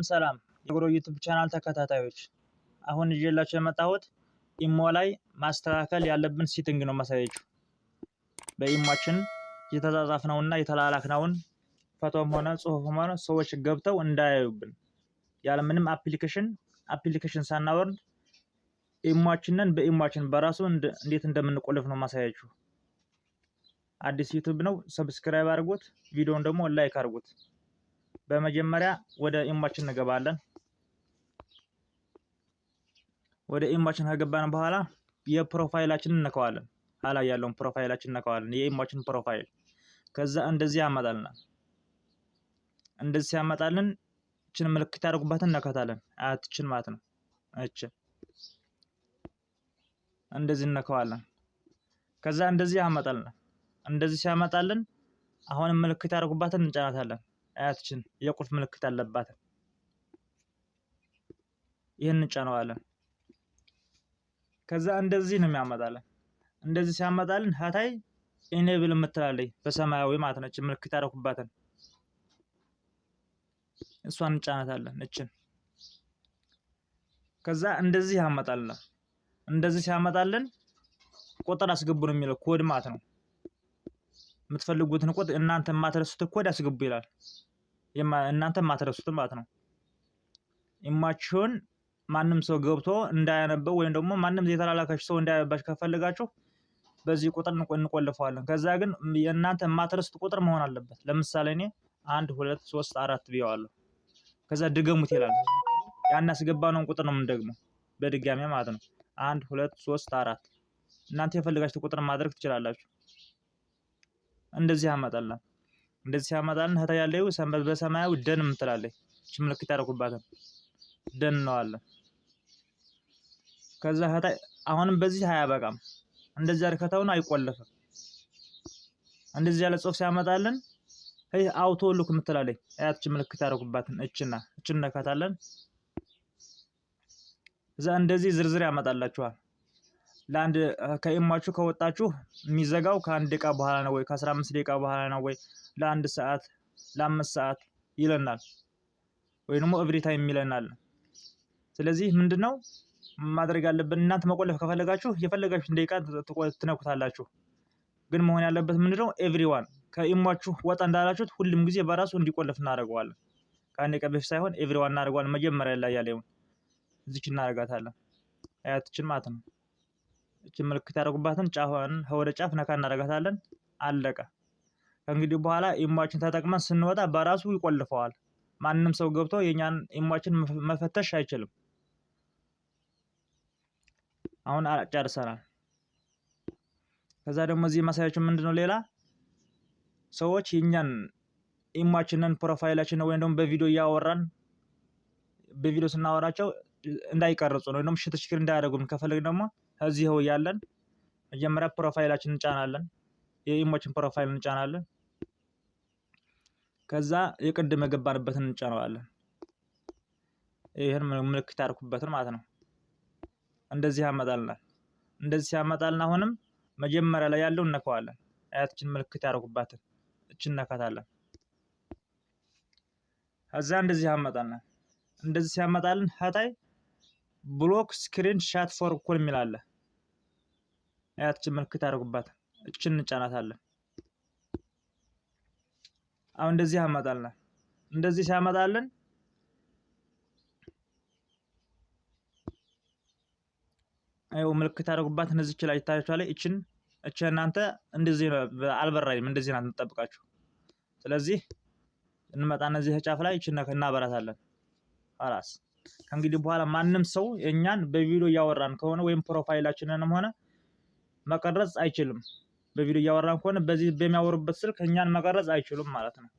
አለይኩም ሰላም የጎሮ ዩቱብ ቻናል ተከታታዮች፣ አሁን ይዤላችሁ የመጣሁት ኢሞ ላይ ማስተካከል ያለብን ሲቲንግ ነው ማሳያችሁ። በኢሟችን የተጻጻፍነውና የተላላክነውን ፎቶም ሆነ ጽሁፍም ሆነ ሰዎች ገብተው እንዳያዩብን ምንም አፕሊኬሽን አፕሊኬሽን ሳናወርድ ኢሟችንን በኢሟችን በራሱ እንዴት እንደምንቆልፍ ነው ማሳያችሁ። አዲስ ዩቱብ ነው፣ ሰብስክራይብ አድርጉት። ቪዲዮውን ደግሞ ላይክ አድርጉት። በመጀመሪያ ወደ ኢሟችን እንገባለን። ወደ ኢማችን ከገባን በኋላ የፕሮፋይላችንን እንነካዋለን። ኋላ ያለውን ፕሮፋይላችን እንነካዋለን። የኢሟችን ፕሮፋይል ከዛ እንደዚህ ያመጣልናል። እንደዚህ ያመጣልን እችን ምልክት ያደርጉባትን እነካታለን። አያትችን ማለት ነው። እችን እንደዚህ እነካዋለን። ከዛ እንደዚህ ያመጣልናል። እንደዚህ ሲያመጣልን አሁንም ምልክት ያደርጉባትን እንጫናታለን። አያትችን የቁልፍ ምልክት አለባት። ይህን እንጫነዋለን። ከዛ እንደዚህ ነው የሚያመጣለን። እንደዚህ ሲያመጣልን ሀታይ ኢኔብል የምትላለኝ በሰማያዊ ማለት ነች። ምልክት ያደረኩባትን እሷን እንጫነታለን። እችን ከዛ እንደዚህ ያመጣልናል። እንደዚህ ሲያመጣልን ቁጥር አስገቡ ነው የሚለው ኮድ ማለት ነው። የምትፈልጉትን ቁጥር እናንተ የማትረሱት ኮድ አስገቡ ይላል። እናንተ የማትረሱትን ማለት ነው። ኢማችሁን ማንም ሰው ገብቶ እንዳያነበው ወይም ደግሞ ማንም የተላላካችሁ ሰው እንዳያነባችሁ ከፈለጋችሁ በዚህ ቁጥር እንቆልፈዋለን። ከዛ ግን የእናንተ የማትረሱት ቁጥር መሆን አለበት። ለምሳሌ እኔ አንድ ሁለት ሶስት አራት ብየዋለሁ። ከዛ ድገሙት ይላል። ያን ቁጥር ነው የምንደግመው በድጋሚ ማለት ነው። አንድ ሁለት ሶስት አራት እናንተ የፈልጋችሁት ቁጥር ማድረግ ትችላላችሁ። እንደዚህ ያመጣላል። እንደዚህ ሲያመጣልን ህታ ያለው ሰንበት በሰማያዊ ደን የምትላለች እች ምልክት ያደረኩባትን ደን ነዋለን። ከዛ ህታ አሁንም በዚህ አያበቃም። እንደዚህ አርከታውን አይቆለፍም። እንደዚህ ያለ ጽሁፍ ሲያመጣልን ይህ አውቶ ሉክ የምትላለች አያትች ምልክት ያደረኩባትን እችና እችን ነካታለን። እዛ እንደዚህ ዝርዝር ያመጣላችኋል። ለአንድ ከኢማችሁ ከወጣችሁ የሚዘጋው ከአንድ ደቂቃ በኋላ ነው ወይ ከአስራ አምስት ደቂቃ በኋላ ነው ወይ ለአንድ ሰዓት ለአምስት ሰዓት ይለናል፣ ወይ ደግሞ እብሪ ታይም ይለናል። ስለዚህ ምንድን ነው ማድረግ ያለብን? እናንተ መቆለፍ ከፈለጋችሁ የፈለጋችሁን ደቂቃ ትነኩታላችሁ። ግን መሆን ያለበት ምንድነው ነው ኤቭሪዋን ከኢሟችሁ ወጣ እንዳላችሁት ሁሉም ጊዜ በራሱ እንዲቆለፍ እናደርገዋለን። ከአንድ ደቂቃ በፊት ሳይሆን ኤቭሪዋን እናደርገዋለን። መጀመሪያ ላይ ያለውን እዚች እናደርጋታለን አያትችን ማለት ነው። እችን ምልክት ያደረጉባትን ጫፏን ወደ ጫፍ ነካ እናደርጋታለን። አለቀ። ከእንግዲህ በኋላ ኢሟችን ተጠቅመን ስንወጣ በራሱ ይቆልፈዋል። ማንም ሰው ገብቶ የእኛን ኢሟችን መፈተሽ አይችልም። አሁን ጨርሰናል። ከዛ ደግሞ እዚህ ማሳያችን ምንድነው? ሌላ ሰዎች የእኛን ኢሟችንን ፕሮፋይላችንን ወይም ደግሞ በቪዲዮ እያወራን በቪዲዮ ስናወራቸው እንዳይቀርጹ ነው ወይም ደግሞ ሽትሽክር እንዳያደርጉን ከፈለግ ደግሞ እዚህው እያለን መጀመሪያ ፕሮፋይላችን እንጫናለን። የኢሞችን ፕሮፋይል እንጫናለን። ከዛ የቅድም የገባንበትን እንጫነዋለን። ይህን ምልክት ያርኩበትን ማለት ነው። እንደዚህ ያመጣልናል። እንደዚህ ያመጣልን። አሁንም መጀመሪያ ላይ ያለው እነካዋለን። አያትችን ምልክት ያርኩባትን እችን እነካታለን። ከዛ እንደዚህ ያመጣልናል። እንደዚህ ሲያመጣልን ሀታይ ብሎክ ስክሪን ሻት ፎር ኮል የሚላለ አያችን ምልክት አድርጉባት። እችን እንጫናታለን። አሁን እንደዚህ አመጣልና እንደዚህ ሲያመጣልን አይው ምልክት አድርጉባት። እነዚህች ላይ ይታያችኋል። እችን እቺ እናንተ እንደዚህ ነው አልበራኝም፣ እንደዚህ ናት እንጠብቃችሁ። ስለዚህ እንመጣ እነዚህ ተጫፍ ላይ እችን እናበራታለን። ኋላስ ከእንግዲህ በኋላ ማንም ሰው እኛን በቪዲዮ እያወራን ከሆነ ወይም ፕሮፋይላችንንም ሆነ መቀረጽ አይችልም። በቪዲዮ እያወራን ከሆነ በዚህ በሚያወሩበት ስልክ እኛን መቀረጽ አይችሉም ማለት ነው።